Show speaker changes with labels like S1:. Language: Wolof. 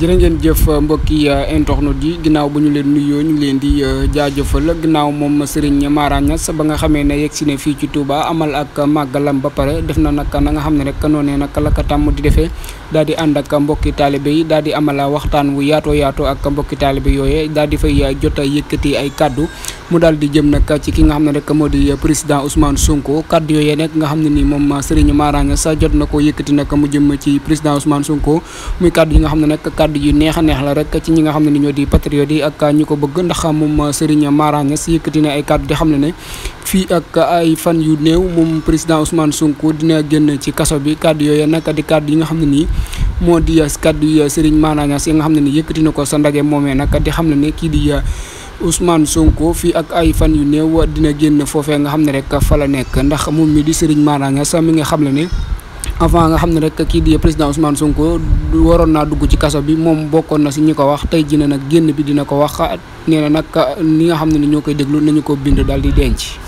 S1: jërë ngeen jëf mbokki euh, internautes yi ginnaaw ba ñu leen nuyoo ñu leen di euh, jaajëfal ginnaaw moom Serigne Mara Niass ba nga xamee ne yegg si ne fii ci Touba amal ak màggalam ba pare def na nag na nga xam ne rek noonee nag la ka tàmm di defee daal di ànd ak mbokki taalibe yi daal di amal waxtaan wu yaatoo yaatoo ak mbokki taalibe yooye daal di fay euh, jot a yëkkati ay kaddu mu daal di jëm nag ci ki nga xam ne rek moo di président Ousmane Sonko kaddu yooyee nag nga xam ne ni moom Serigne Mara Niass jot na ko yëkkati nag mu jëm ci président Ousmane Sonko muy kaddu yi nga xam ne nag kaddu yu neex neex la rek ci ñi nga xamne ni ñoo di patriote yi ak ñu ko bëgg ndax moom Serigne Mara ci yëkkati ay kaddu di xamne ne fi ak ay fan yu neew moom président Ousmane Sonko dina génn ci kasso bi kaddu yooyu ya nak di kaddu yi nga xamne ni mo di yas kaddu yi ya Serigne Mara ci nga xamne ni yëkkati ya ko sa ndage momé nak di xamne ne ki di Ousmane Sonko fi ak ay fan yu neew dina génn fofé nga xamne rek fa la nekk ndax mi di Serigne Mara sa mi nga xamne ni avant nga xam ne rek kii di président Ousmane Sonko waroon naa dugg ci kaso bi moom bokkoon na si ñi ko wax tey jii na nag génn bi dina ko wax nee na nag ah, ñi nga xam ne ni ñoo koy déglu
S2: nañu ko bind daal di denc.